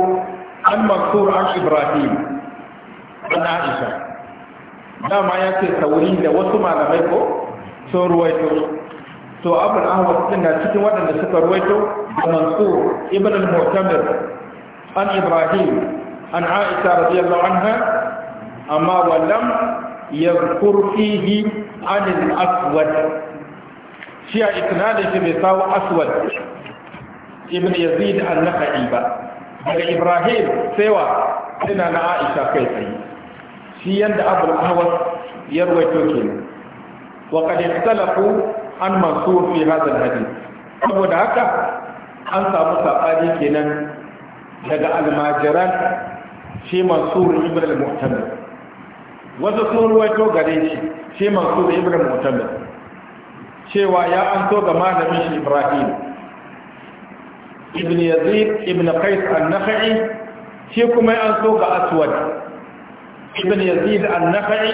an maksur an ibrahim an aisha dama ya ce sauri da wasu malamai ko sun ruwaito to abul ahwal din na cikin waɗanda suka ruwaito da mansur ibn al-mu'tamir an ibrahim an aisha radiyallahu anha amma wallam yadhkur fihi an al-aswad shi a isnadin shi bai sawo aswad ibn yazid an-nakhai ba daga ibrahim sewa suna na aisha kai tsaye shi yanda abul ahwal ya ruwaito kenan وقد اختلفوا an masu fi hadha hadi saboda haka an samu sabani kenan daga almajiran shi masu ibn al wasu sun ruwaito gare shi shi masu ibn al cewa ya an so ga malamin shi ibrahim ibn yazid ibn qais an-nakhai shi kuma an so ga aswad ibn yazid an-nakhai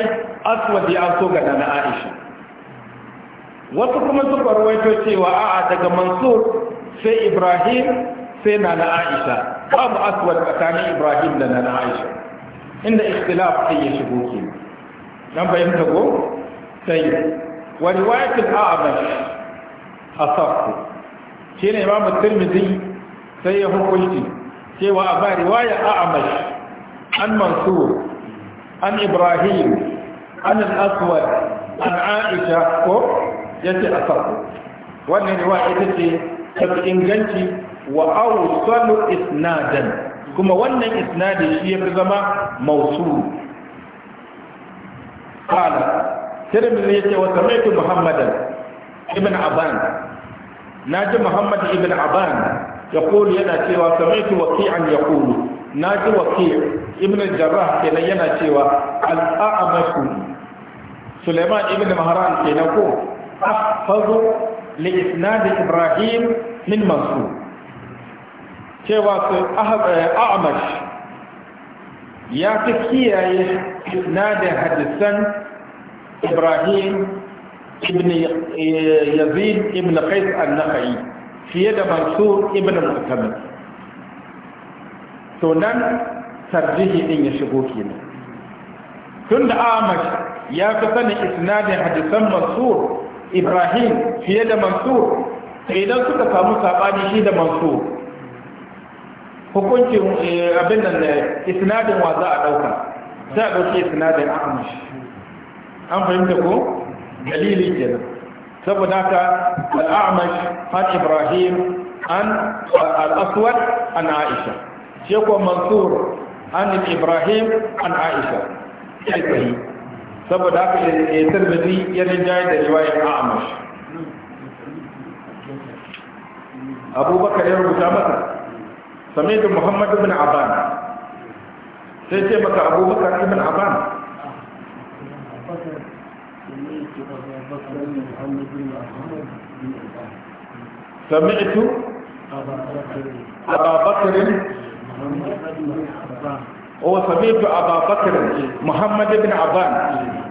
aswad ya an so ga nana aisha wasu kuma suka rawaito cewa a'a daga mansur sai ibrahim sai na na aisha babu aswad tsakanin ibrahim da na na aisha inda ikhtilaf sai ya shigo ke nan bayan tago sai wa riwayatul a'mash asaf shine imamu tirmidhi sai ya hukunci cewa a ba riwaya a'mash an mansur an ibrahim an al-aswad an aisha ko ya ce a sarku wannan riwa ita ce ta inganci wa awsalu isnadan kuma wannan isnadi shi ya fi zama mausul qala ya ce wa sami'tu muhammad ibn aban naji muhammad ibn aban yaqul yana cewa sami'tu waqi'an yaqulu naji waqi' ibn jarrah kenan yana cewa al-a'mashu Suleiman ibn Mahran kenan ko أحفظ لإسناد إبراهيم من منصور شيء أحب أعمش يا تكيا إسناد حدثاً إبراهيم ابن يزيد ابن قيس النقعي في يد منصور ابن المؤتمر. سنن ترجيه إن يشبوكين كن آمش يا فتن إسناد حدثاً منصور ibrahim fiye da mansur idan suka samu sabani shi da mansur hukuncin abin nan isnadin wa za a dauka za a dauki isnadin ahmad an fahimta ko dalili kenan saboda haka al-a'mash an ibrahim an al-aswad an aisha shi ko mansur an ibrahim an aisha sai saboda haka ya ni ya jayi da riwayar a'amash abubakar ya rubuta masa sami da muhammadu bin aban sai ce maka abubakar ibn aban سمعت أبا بكر محمد بن wa samitu Aba Bakr Muhammad ibn Abban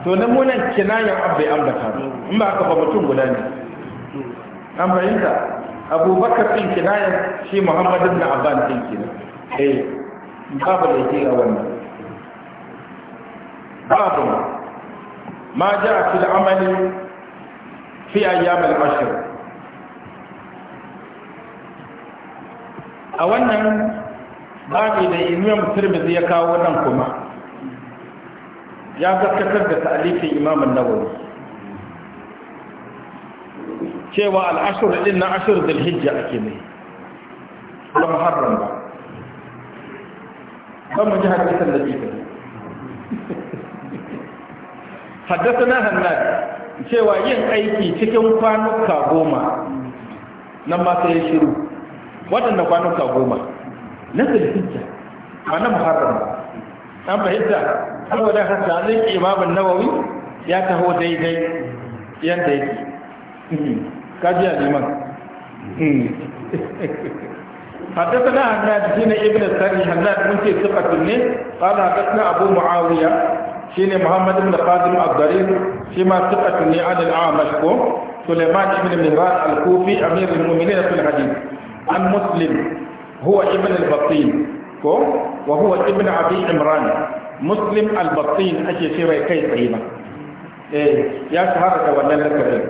to nan mun kinayan abai ambata in ba aka ba mutum guda ne an bayyana Abu Bakr din kinayan shi Muhammad ibn Abban din kenan eh babu da ke a wannan babu ma ja'a fil amali fi ayyam al-ashr a wannan bani da imam tirmidhi ya kawo nan kuma ya gaskatar da ta'alifin imam an-nawawi cewa al-ashr din na ashr dhul hijja ake ne ba muharram ba ba mu ji hadisin da bika haddathana hannad cewa yin aiki cikin kwanuka goma nan ma sai shiru waɗanda kwanuka goma نزل حجة أنا محرم أما حجة هو لا خسع ذلك إمام النووي ياته هو زي زي ينتهي كاجي يا إمام حدثنا هناد سين ابن الثاني هناد من في ثقة قال حدثنا أبو معاوية سين محمد بن قادم الضرير فيما ثقة لي عن الأعمش سليمان بن مهران الكوفي أمير المؤمنين في الحديث عن مسلم هو ابن البطين كو وهو ابن أبي عمران مسلم البطين أجي شيري كي تقيمة إيه يا شهر ولا لك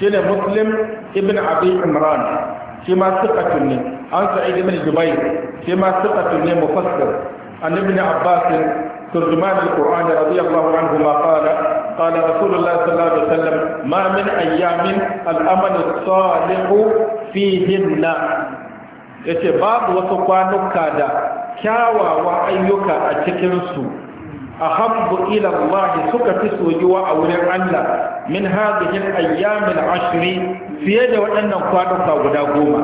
شنو مسلم ابن أبي عمران شما ثقة عن سعيد بن جبير شما ثقة مفسر عن ابن عباس ترجمان القرآن رضي الله عنهما قال قال رسول الله صلى الله عليه وسلم ما من أيام الأمل الصالح فيهن ya ce babu wasu kwanuka da kyawawa ayyuka a cikinsu a hambu ilallahi suka fi soyuwa a wurin Allah min hazihin ayyamin ashiri fiye da waɗannan kwanuka guda goma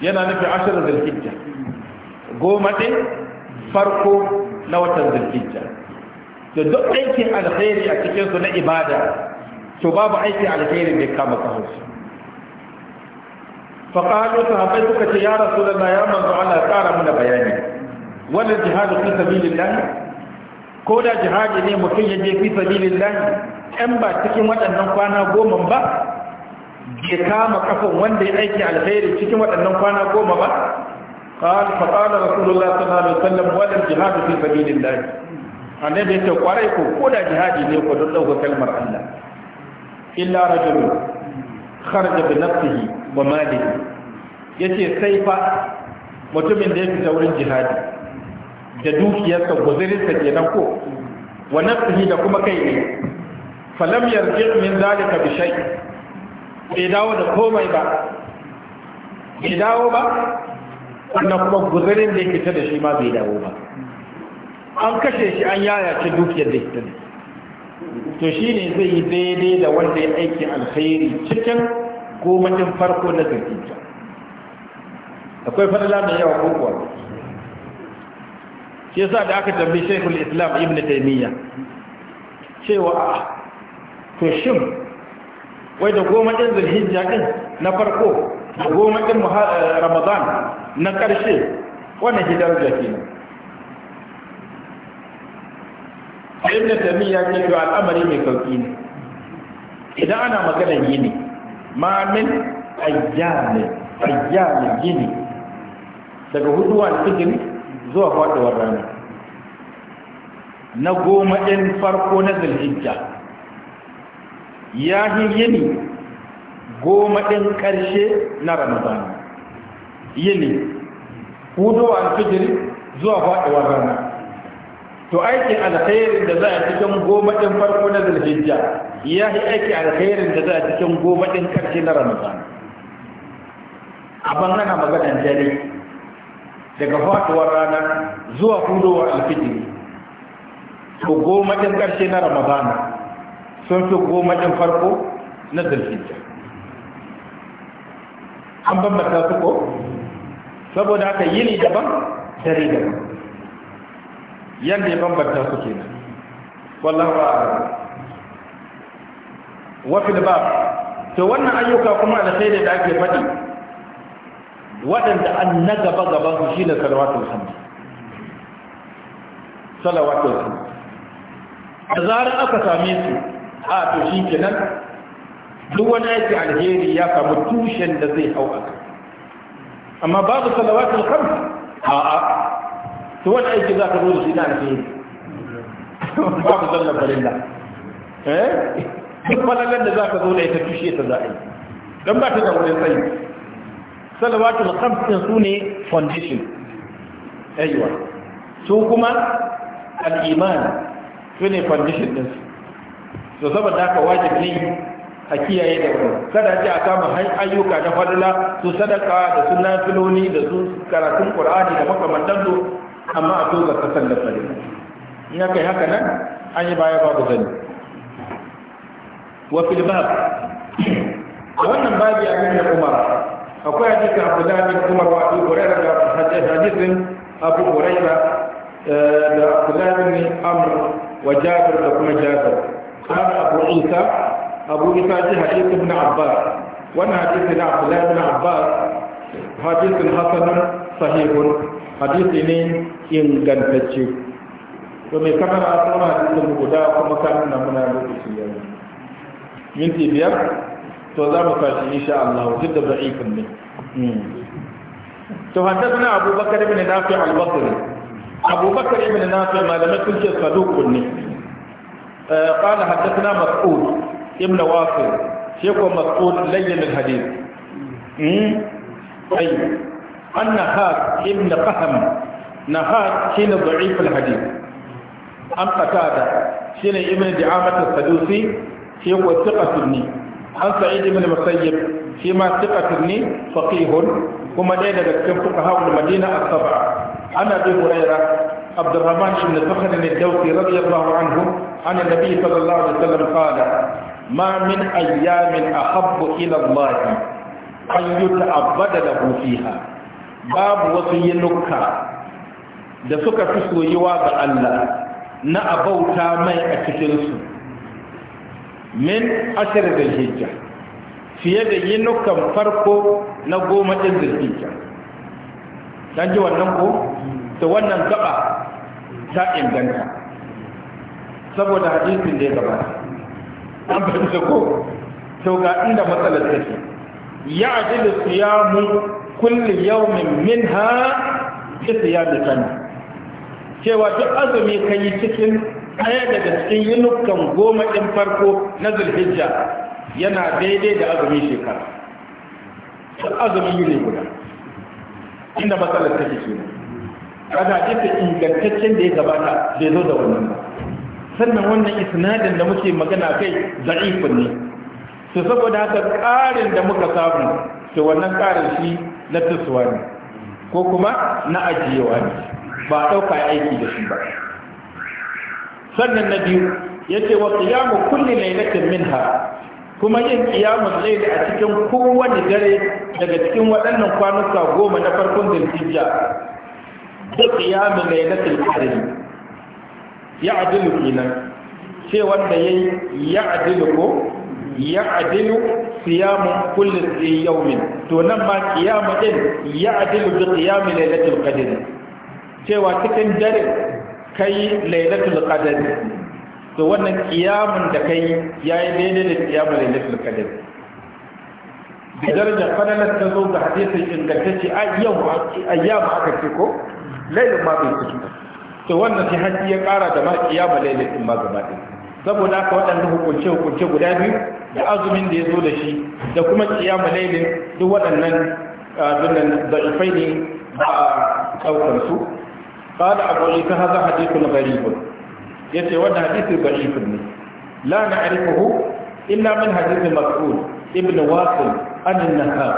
yana nufin ashirin zulhijja goma ɗin farko na watan zulhijja da duk aikin alheri a cikinsu na ibada to babu aikin alheri da kama kahonsu faƙalu sahabbai suka ce ya rasu rasulullah ya manzo Allah tsara mana bayani wannan jihadu fi sabilillah ko da jihadi ne mutum ya je fi sabilillah ɗan ba cikin waɗannan kwana goma ba Ya kama kafin wanda ya aiki alheri cikin waɗannan kwana goma ba قال فقال رسول الله صلى الله عليه وسلم ولا الجهاد في سبيل الله annabi yake kwarai ko ko da jihadi ne ko don dauka kalmar Allah illa rajul kharaja bi nafsihi wa ya ce sai fa mutumin da ya fita wurin jihadi da dukiyarsa guzurinsa kenan ko Wannan nafsihi da kuma kai ne falam yarji min zalika bi shay bai dawo da komai ba bai dawo ba wannan kuma guzurin da ya fita da shi ma bai dawo ba an kashe shi an yayace dukiyar da ita ne to shine zai yi daidai da wanda ya aiki alkhairi cikin ko mutum farko na zulhijja akwai fadala mai yawa ko kuwa shi yasa da aka tambayi shaykhul islam ibn taymiya cewa a to shin wai da goma din zulhijja din na farko da goma din eh, ramadan na karshe wani hidar da ke ibn taymiya ke to al'amari mai sauki ne idan ana magana yini ma min ayyamin ayyamin gini daga huduwa da fijiri zuwa faduwar rana na goma ɗin farko na zulhijja ya yi yini goma ɗin ƙarshe na ramadan yini huduwa da fijiri zuwa faduwar rana to aikin alkhairin da za a cikin goma ɗin farko na zulhijja ya yi aikin alkhairin da za a cikin goma ɗin ƙarshe na ramadan a bangana maganan dare daga fatuwar rana zuwa hudowar alfijiri to goma ɗin ƙarshe na ramadan sun fi goma ɗin farko na zulhijja an bambanta su ko saboda haka yini daban dare daban yadda ya bambanta su kenan wallahu a'lam wa fil bab to wannan ayyuka kuma da sai da ake faɗi waɗanda an na gaba gaban su shine salawatul hamd salawatul hamd da zarar aka same su a to shi kenan duk wani aiki alheri ya samu tushen da zai hau aka amma babu salawatul hamd a'a to wani aiki za ka zo da shi na yi ba ku zalla da eh duk falagar da za ka zo da ita tushe ta za a yi don ba ta da wurin tsayi salawatul khamsin su ne foundation aiwa su kuma al'imani su ne foundation ɗinsu to saboda haka wajibi ne a kiyaye da ku. kada ji a kama ayyuka na fadila su sadaka da su nafiloni da su karatun qur'ani da makamantan su amma a toga kasan da fari in haka yi haka nan an yi baya babu zane wa filibab a wannan babi a nuna umar akwai a jikin abu zane umar wa abu kuraira da hadisin abu kuraira eh, da abu zane ne amur wa jabir da kuma jabir har abu isa abu isa ji hadisin na abbas wannan hadisin na abu zane na abbas hadisin hasanun sahihun hadisi ne ingantacce to mai kamar a tsoma hadisin guda kuma kan na muna lokaci yanzu minti biyar to za mu tashi insha Allah duk da da'ifin ne hmm. to haddasa Abubakar Bakar ibn Nafi al-Basri Abubakar ibn Nafi malamai sun ce saduqun ne قال حدثنا مسعود ابن واصل شيخ مسعود لين الحديث أيوه عن نخاس ابن قهم نخاس شين ضعيف الحديث عن قتادة شين ابن دعامة السدوسي شين وثقة ابني عن سعيد بن المسيب فيما ثقة ابني فقيه وما لين لكم فقهاء المدينة السبعة عن أبي هريرة عبد الرحمن بن صخر الدوسي رضي الله عنه عن النبي صلى الله عليه وسلم قال ما من أيام أحب إلى الله أن يتعبد له فيها babu wasu yinuka da suka fi soyuwa ga Allah na abauta mai a cikinsu min ashir da hijja fiye da yinukan farko na goma ɗin da hijja don ji wannan ko? to wannan gaba ta inganta saboda hadisin da ya gaba an fahimta ko to ga inda matsalar take ya ajilu siyamu kulli yawmin minha fi siyamika cewa duk azumi ka yi cikin ɗaya daga cikin yinukan goma ɗin farko na zulhijja yana daidai da azumi shekara azumi yi ne guda inda matsalar ta take kenan kada ita ingantaccen da ya gabata bai zo da wannan ba sannan wannan isnadin da muke magana kai za'ifin ne Su saboda haka ƙarin da muka samu su wannan ƙarin shi na tasowa ne ko kuma na ajiyewa ne ba a ɗauka aiki da shi ba sannan na biyu ya ce wa ƙiyamu kulli lailatin minha kuma yin ƙiyamun laili a cikin kowane dare daga cikin waɗannan kwanuka goma na farkon zirgijiya da ƙiyamun lailatin ƙarfi ya adilu kenan ce wanda ya yi ya adilu ko ya adilu siyamu kulli yawmin to nan ma qiyamu din ya adilu bi qiyami lailatul qadr cewa cikin dare kai lailatul qadr to wannan qiyamun da kai yayi daidai da qiyamu lailatul qadr bi daraja fadalar ta zo ga hadisin ingantacce a yau ayyama aka ce ko lailul qadr to wannan sai hadi ya kara da ma qiyamu lailatul ma gaba saboda haka waɗannan hukunce-hukunce guda biyu da azumin da ya zo da shi da kuma tsiyamu lailin duk waɗannan dunan da ifai ne ba a ɗaukansu ba da abu isa haza hadithun garibun ya ce wanda hadithun garibun ne la na arifahu illa min hadithun mas'ud ibn wasil anin nahar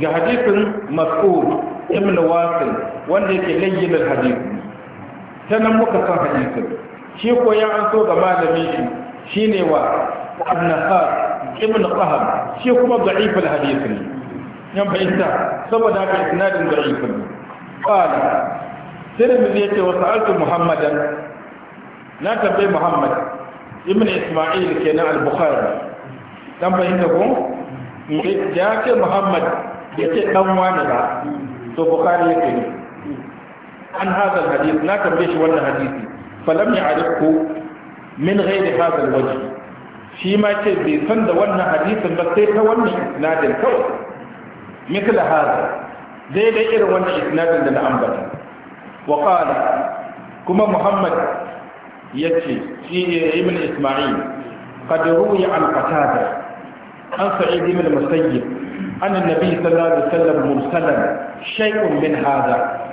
ga hadithun mas'ud ibn wasil wanda yake layyinar hadithun ta muka san hadithun shi koyan an so ga malami shi shine wa annahar ibn qahab shi kuma da'if al-hadith ne yan fahimta saboda haka isnadin da'if ne qala tirmidhi yace wa sa'altu muhammadan na tabbai muhammad ibn isma'il kenan al-bukhari dan fahimta ko ya ce muhammad ya ce dan wani ba to bukhari yake ne an hadal hadith na tabbai shi wannan hadisi falam ya arifku min ghairi hadha alwajh shi ma ce bai san da wannan hadisin ba sai ta wannan isnadin kawai mithla hadha daidai irin wannan isnadin da na ambata wa kuma muhammad yace shi ibn isma'il qad ruwiya an qatada an sa'id ibn musayyib anna nabi sallallahu alaihi wasallam mursalan shay'un min hadha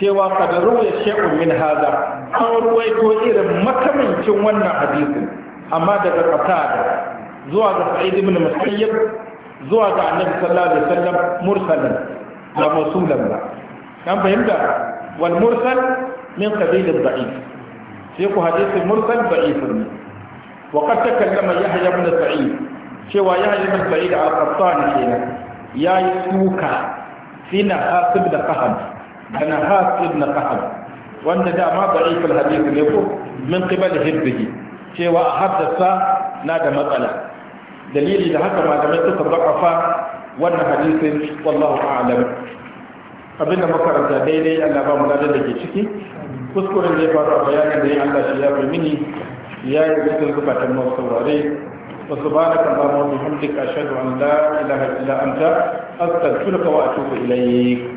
cewa kadaru ya shekun min haza an ruwaito irin makamancin wannan hadisin amma daga qatada zuwa ga sa'id ibn musayyib zuwa ga annabi sallallahu alaihi wasallam mursalan ba mausulan ba kan fahimta wal mursal min qabil al da'if sai ku hadisi mursal da'if ne wa qad takallama yahya ibn sa'id cewa yahya ibn sa'id al-qattani kenan yayi suka fina hasib da fahmi da na hasid na kahal wanda dama ba ikul hadisi ne ko min qibal hibbihi cewa a sa na da matsala dalili da haka malamai suka bakafa wannan hadisin wallahu a'lam abinda makaranta daidai Allah ba mu da ke ciki kuskuren da ya faru a bayanin da ya Allah shi ya fi mini ya yi cikin zukatan masu saurare wa subhanaka allahumma wa bihamdika ashhadu an la ilaha illa anta astaghfiruka wa atubu ilayk